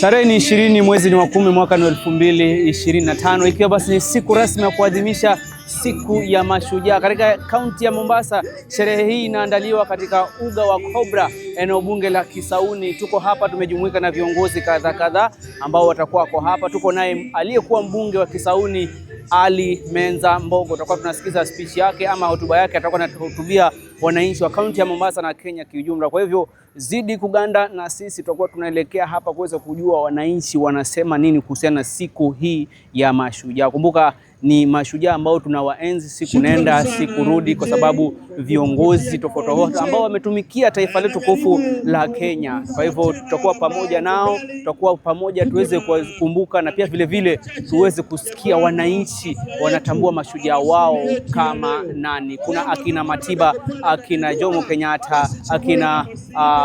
Tarehe ni ishirini mwezi ni wa kumi mwaka ni elfu mbili ishirini na tano ikiwa basi ni siku rasmi ya kuadhimisha siku ya mashujaa katika kaunti ya Mombasa. Sherehe hii inaandaliwa katika uga wa Kobra, eneo bunge la Kisauni. Tuko hapa tumejumuika na viongozi kadha kadha ambao watakuwa wako hapa. Tuko naye aliyekuwa mbunge wa Kisauni ali Menza Mbogo, tutakuwa tunasikiza speech yake ama hotuba yake, atakuwa anahutubia wananchi wa kaunti ya Mombasa na Kenya kiujumla. Kwa hivyo zidi kuganda na sisi tutakuwa tunaelekea hapa kuweza kujua wananchi wanasema nini kuhusiana na siku hii ya mashujaa. Kumbuka ni mashujaa ambao tunawaenzi siku nenda siku rudi, kwa sababu viongozi tofauti tofauti ambao wametumikia taifa letu kufu la Kenya. Kwa hivyo tutakuwa pamoja nao, tutakuwa pamoja tuweze kukumbuka na pia vile vile tuweze kusikia wananchi wanatambua mashujaa wao kama nani. Kuna akina Matiba, akina Jomo Kenyatta, akina uh,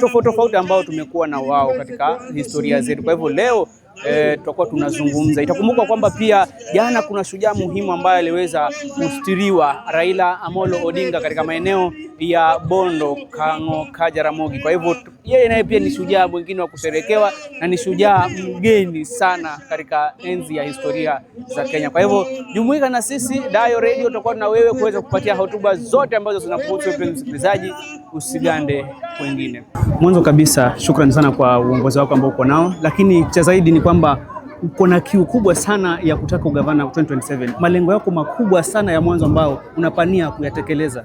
tofauti tofauti ambao tumekuwa na wao katika historia zetu. Kwa hivyo leo E, tutakuwa tunazungumza. Itakumbuka kwamba pia jana kuna shujaa muhimu ambaye aliweza kustiriwa Raila Amolo Odinga katika maeneo ya Bondo, Kang'o, Kajaramogi. Kwa hivyo yeye naye pia ni shujaa mwingine wa kusherekewa na ni shujaa mgeni sana katika enzi ya historia za Kenya. Kwa hivyo jumuika na sisi Dayo Radio, tutakuwa na wewe kuweza kupatia hotuba zote ambazo zinakuhusu. Mpenzi msikilizaji, usigande wengine. Mwanzo kabisa, shukrani sana kwa uongozi wako ambao uko nao, lakini cha zaidi ni kwamba uko na kiu kubwa sana ya kutaka ugavana 2027. Malengo yako makubwa sana ya mwanzo ambao unapania kuyatekeleza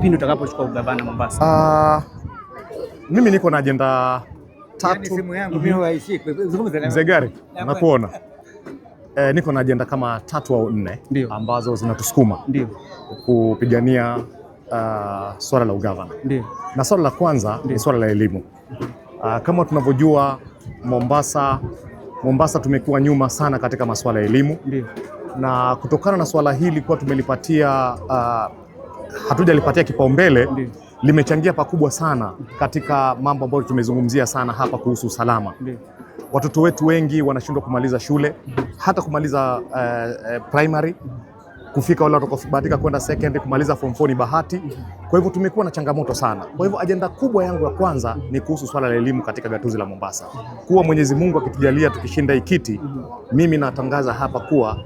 pindi utakapochukua ugavana Mombasa. Uh mimi niko na ajenda yaani tatu. Mhm. Mzee Gari, nakuona e, niko na ajenda kama tatu au nne ambazo zinatusukuma kupigania uh, swala la ugavana, na swala la kwanza ni swala la elimu. Uh, kama tunavyojua Mombasa, Mombasa tumekuwa nyuma sana katika masuala ya elimu Ndiyo. na kutokana na swala hili kuwa tumelipatia uh, hatujalipatia kipaumbele Ndiyo limechangia pakubwa sana katika mambo ambayo tumezungumzia sana hapa kuhusu usalama. Watoto wetu wengi wanashindwa kumaliza shule, hata kumaliza uh, primary kufika wale watakaobahatika kwenda secondary kumaliza form 4 ni bahati. Kwa hivyo tumekuwa na changamoto sana. Kwa hivyo ajenda kubwa yangu ya kwanza ni kuhusu swala la elimu katika gatuzi la Mombasa, kuwa Mwenyezi Mungu akitujalia tukishinda ikiti, mimi natangaza hapa kuwa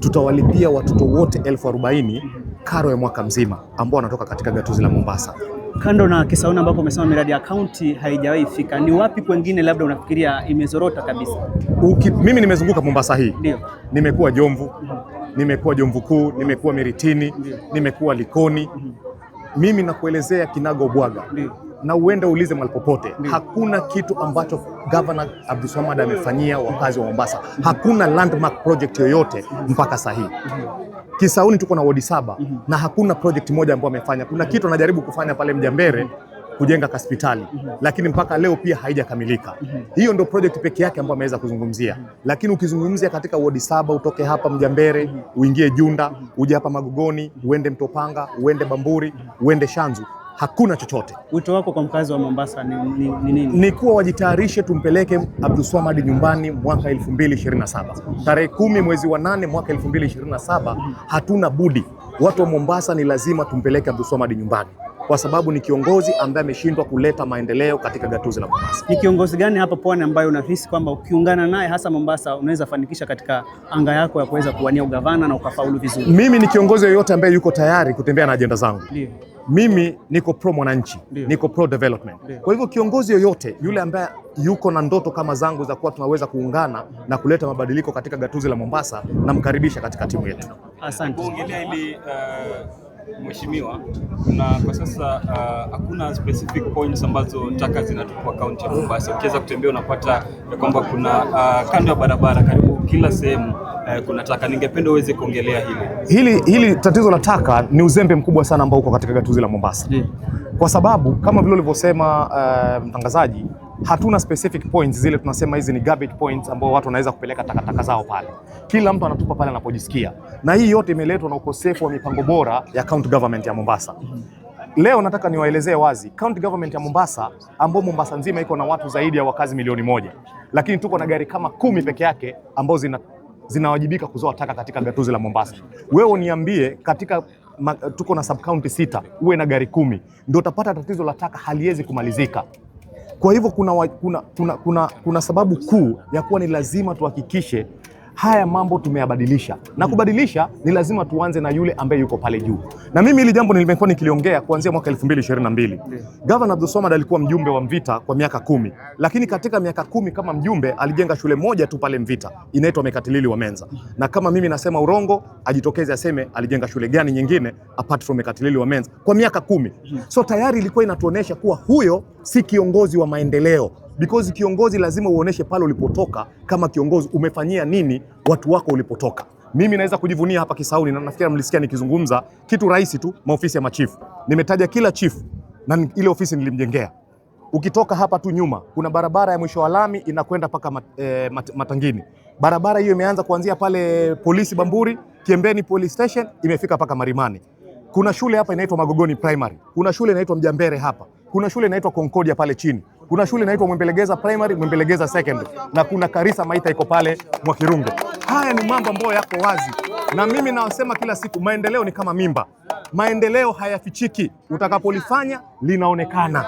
tutawalipia watoto wote elfu arobaini karo ya mwaka mzima ambao wanatoka katika gatuzi la Mombasa. Kando na Kisauni ambapo umesema miradi ya kaunti haijawahi fika, ni wapi kwengine labda unafikiria imezorota kabisa? Uki, mimi nimezunguka Mombasa hii ndio nimekuwa Jomvu, mm -hmm. nimekuwa Jomvu Kuu, nimekuwa Miritini, nimekuwa Likoni, mm -hmm. mimi nakuelezea kinago bwaga na uende uulize mahali popote, hakuna kitu ambacho Gavana Abdulswamad amefanyia wakazi wa Mombasa. Hakuna landmark project yoyote mhm. mpaka sahihi mhm. Kisauni tuko na wodi saba mm -hmm. na hakuna project moja ambayo amefanya. Kuna mhm. kitu anajaribu kufanya pale Mjambere kujenga hospitali mm -hmm. lakini mpaka leo pia haijakamilika mm -hmm. hiyo ndio project pekee yake ambayo ameweza kuzungumzia mm -hmm. lakini ukizungumzia katika wodi saba, utoke hapa Mjambere mm -hmm. uingie Junda mm -hmm. uje hapa Magogoni mhm. uende Mtopanga uende Bamburi mhm. uende Shanzu hakuna chochote. Wito wako kwa mkazi wa Mombasa ni nini? Ni, ni, ni kuwa wajitayarishe tumpeleke abduswamad nyumbani mwaka 2027 tarehe kumi mwezi wa nane mwaka 2027. Hatuna budi, watu wa Mombasa ni lazima tumpeleke abduswamad nyumbani kwa sababu ni kiongozi ambaye ameshindwa kuleta maendeleo katika gatuzi la Mombasa. Ni kiongozi gani hapa pwani ambayo unahisi kwamba ukiungana naye hasa Mombasa unaweza fanikisha katika anga yako ya kuweza kuwania ugavana na ukafaulu vizuri? Mimi ni kiongozi yoyote ambaye yuko tayari kutembea na ajenda zangu. Ndiyo mimi niko pro mwananchi, niko pro development. Kwa hivyo kiongozi yoyote yule ambaye yuko na ndoto kama zangu za kuwa tunaweza kuungana na kuleta mabadiliko katika gatuzi la Mombasa, namkaribisha katika timu yetu. Asante. Mheshimiwa, na kwa sasa uh, hakuna uh, specific points ambazo taka zinatupwa kaunti ya Mombasa. Ukiweza kutembea unapata ya kwamba kuna uh, kando ya barabara karibu kila sehemu uh, kuna taka. Ningependa uweze kuongelea hili hili hili. Tatizo la taka ni uzembe mkubwa sana ambao uko katika gatuzi la Mombasa, Kwa sababu kama vile ulivyosema uh, mtangazaji hatuna specific points zile tunasema hizi ni garbage points ambao watu wanaweza kupeleka takataka zao pale. Kila mtu anatupa pale anapojisikia, na hii yote imeletwa na ukosefu wa mipango bora ya county government ya Mombasa. Leo nataka niwaelezee wazi county government ya Mombasa, ambao Mombasa nzima iko na watu zaidi ya wakazi milioni moja, lakini tuko na gari kama kumi peke yake ambao zina zinawajibika kuzoa taka katika gatuzi la Mombasa. Wewe niambie katika ma, tuko na sub county sita uwe na gari kumi, ndio utapata tatizo la taka haliwezi kumalizika. Kwa hivyo kuna, kuna, kuna, kuna, kuna sababu kuu ya kuwa ni lazima tuhakikishe haya mambo tumeyabadilisha, na hmm. kubadilisha ni lazima tuanze na yule ambaye yuko pale juu. Na mimi hili jambo nilimekuwa nikiliongea kuanzia mwaka 2022. Hmm. Governor Abdul Somad alikuwa mjumbe wa Mvita kwa miaka kumi, lakini katika miaka kumi kama mjumbe alijenga shule moja tu pale Mvita inaitwa Mekatilili wa Menza, na kama mimi nasema urongo, ajitokeze aseme alijenga shule gani nyingine apart from Mekatilili wa Menza kwa miaka kumi. Hmm. So tayari ilikuwa inatuonesha kuwa huyo si kiongozi wa maendeleo because kiongozi lazima uoneshe pale ulipotoka. Kama kiongozi umefanyia nini watu wako ulipotoka. Mimi naweza kujivunia hapa Kisauni, na nafikiri mlisikia nikizungumza kitu rahisi tu, maofisi ya machifu. Nimetaja kila chifu na ile ofisi nilimjengea. Ukitoka hapa tu nyuma kuna barabara ya mwisho wa lami inakwenda paka mat, eh, mat, Matangini. Barabara hiyo imeanza kuanzia pale polisi Bamburi, Kiembeni police station, imefika paka Marimani. Kuna shule hapa inaitwa Magogoni Primary, kuna shule inaitwa Mjambere hapa, kuna shule inaitwa Concordia pale chini. Kuna shule inaitwa Mwembelegeza Primary, Mwembelegeza Secondary na kuna Karisa Maita iko pale kirungo Haya ni mambo ambayo yako wazi, na mimi nawasema kila siku, maendeleo ni kama mimba, maendeleo hayafichiki, utakapolifanya linaonekana.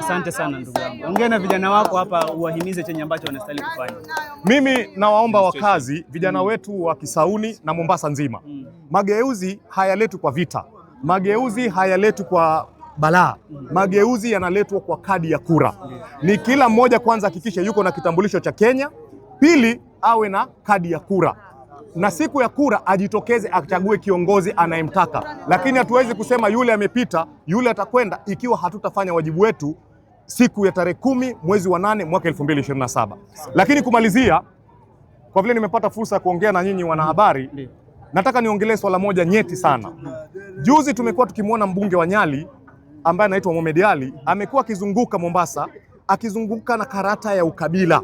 Asante sana ndugu yangu, ongea na vijana wako hapa, uwahimize chenye ambacho wanastahili kufanya. Mimi nawaomba wakazi vijana mm. wetu wa Kisauni na Mombasa nzima mm. mageuzi hayaletwi kwa vita, mageuzi hayaletwi kwa balaa. Mageuzi yanaletwa kwa kadi ya kura. Ni kila mmoja kwanza hakikishe yuko na kitambulisho cha Kenya, pili awe na kadi ya kura na siku ya kura ajitokeze achague kiongozi anayemtaka, lakini hatuwezi kusema yule amepita, yule atakwenda, ikiwa hatutafanya wajibu wetu siku ya tarehe kumi mwezi wa nane mwaka 2027. Lakini kumalizia, kwa vile nimepata fursa ya kuongea na nyinyi wanahabari, nataka niongelee swala moja nyeti sana. Juzi tumekuwa tukimwona mbunge wa Nyali ambaye anaitwa Mohamed Ali amekuwa akizunguka Mombasa akizunguka na karata ya ukabila.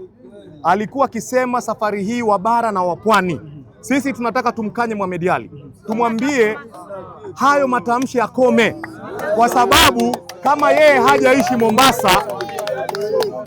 Alikuwa akisema safari hii wa bara na wa pwani, sisi tunataka tumkanye Mohamed Ali, tumwambie hayo matamshi akome, kwa sababu kama yeye hajaishi Mombasa,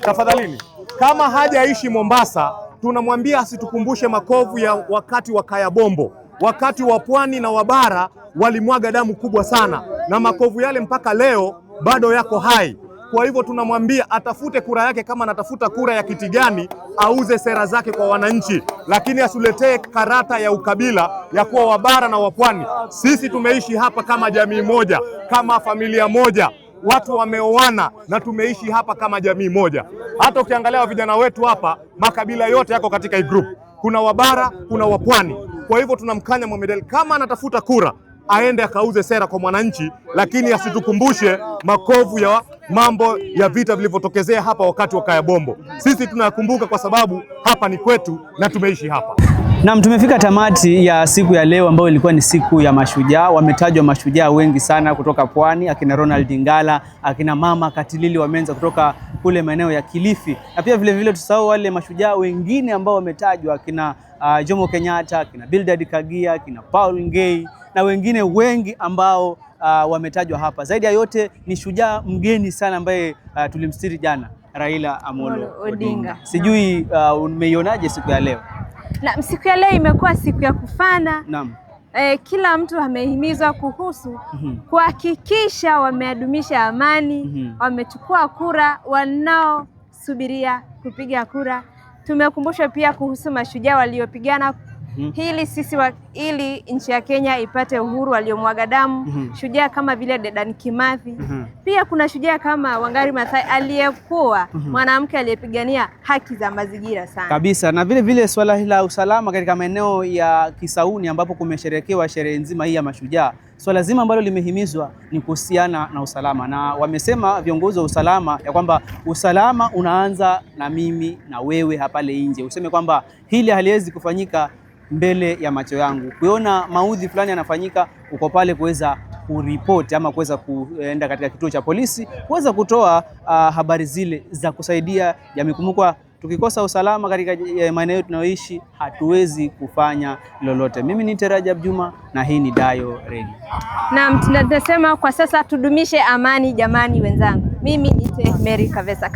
tafadhalini, kama hajaishi Mombasa, tunamwambia asitukumbushe makovu ya wakati wa Kaya Bombo, wakati wa pwani na wa bara walimwaga damu kubwa sana na makovu yale mpaka leo bado yako hai. Kwa hivyo tunamwambia atafute kura yake, kama anatafuta kura ya kiti gani, auze sera zake kwa wananchi, lakini asiletee karata ya ukabila ya kuwa wabara na wapwani. Sisi tumeishi hapa kama jamii moja, kama familia moja, watu wameoana na tumeishi hapa kama jamii moja. Hata ukiangalia vijana wetu hapa, makabila yote yako katika hii group, kuna wabara, kuna wapwani. Kwa hivyo tunamkanya Mohamed Ali kama anatafuta kura aende akauze sera kwa mwananchi, lakini asitukumbushe makovu ya mambo ya vita vilivyotokezea hapa wakati wa Kayabombo. Sisi tunayakumbuka kwa sababu hapa ni kwetu na tumeishi hapa. Naam, tumefika tamati ya siku ya leo ambayo ilikuwa ni siku ya mashujaa. Wametajwa mashujaa wengi sana kutoka pwani, akina Ronald Ngala, akina mama Katilili Wamenza kutoka kule maeneo ya Kilifi, na pia vilevile tusahau wale mashujaa wengine ambao wametajwa akina uh, Jomo Kenyatta, akina Bildad Kagia, akina Paul Ngei na wengine wengi ambao uh, wametajwa hapa. Zaidi ya yote ni shujaa mgeni sana ambaye uh, tulimstiri jana Raila Amolo Odinga. Sijui ah, umeionaje siku ya leo? Naam, siku ya leo imekuwa siku ya kufana. Naam. Eh, kila mtu amehimizwa kuhusu mm -hmm. kuhakikisha wameadumisha amani mm -hmm. wamechukua kura wanaosubiria kupiga kura. Tumekumbushwa pia kuhusu mashujaa waliopigana -hmm. hili sisi wa, ili nchi ya Kenya ipate uhuru aliyomwaga damu mm -hmm. shujaa kama vile Dedan Kimathi mm -hmm. pia kuna shujaa kama Wangari Maathai aliyekuwa mm -hmm. mwanamke aliyepigania haki za mazingira sana kabisa, na vile vile swala la usalama katika maeneo ya Kisauni ambapo kumesherekewa sherehe nzima hii ya mashujaa swala so, zima ambalo limehimizwa ni kuhusiana na usalama, na wamesema viongozi wa usalama ya kwamba usalama unaanza na mimi na wewe hapale nje, useme kwamba hili haliwezi kufanyika mbele ya macho yangu, kuona maudhi fulani yanafanyika, uko pale kuweza kuripoti ama kuweza kuenda katika kituo cha polisi kuweza kutoa uh, habari zile za kusaidia jamii. Kumbukwa, tukikosa usalama katika eh, maeneo tunayoishi hatuwezi kufanya lolote. Mimi ni Terajab Juma na hii ni Dayo Radio. Naam, tunasema kwa sasa tudumishe amani jamani, wenzangu. Mimi ni Mary Kavesa.